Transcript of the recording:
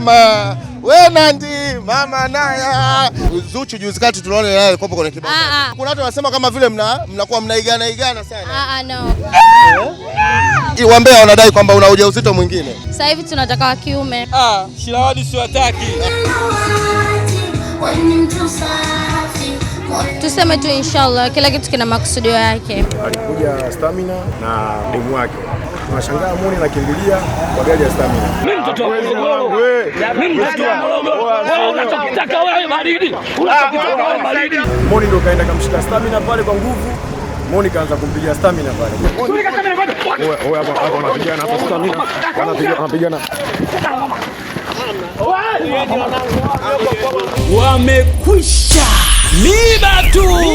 mama we Nandi mama naya Zuchu juzi kati tunaona yeye alikuwa kwenye kibao. Ah, ah. Kuna watu wanasema kama vile mna mnakuwa mnaigana igana sana. Ah ah no. Eh? Iwambea wanadai kwamba una ujauzito mwingine. Sasa hivi tunataka wa kiume. Ah, Shilawadu siwataki. Tuseme tu inshallah, kila kitu kina makusudio yake. Alikuja stamina na demu wake, tunashangaa muone anakimbilia kwa gari ya stamina. Mimi mtoto wa Morogoro, mimi mtoto wa Morogoro, wewe unachokitaka wewe baridi, unachokitaka ah, ah, wewe baridi. Ah, Moni ndio kaenda kamshika stamina pale kwa nguvu, Moni kaanza kumpigia stamina pale. Wewe hapa hapa anapigana hapa, stamina anapigana anapigana Wamekwisha. two.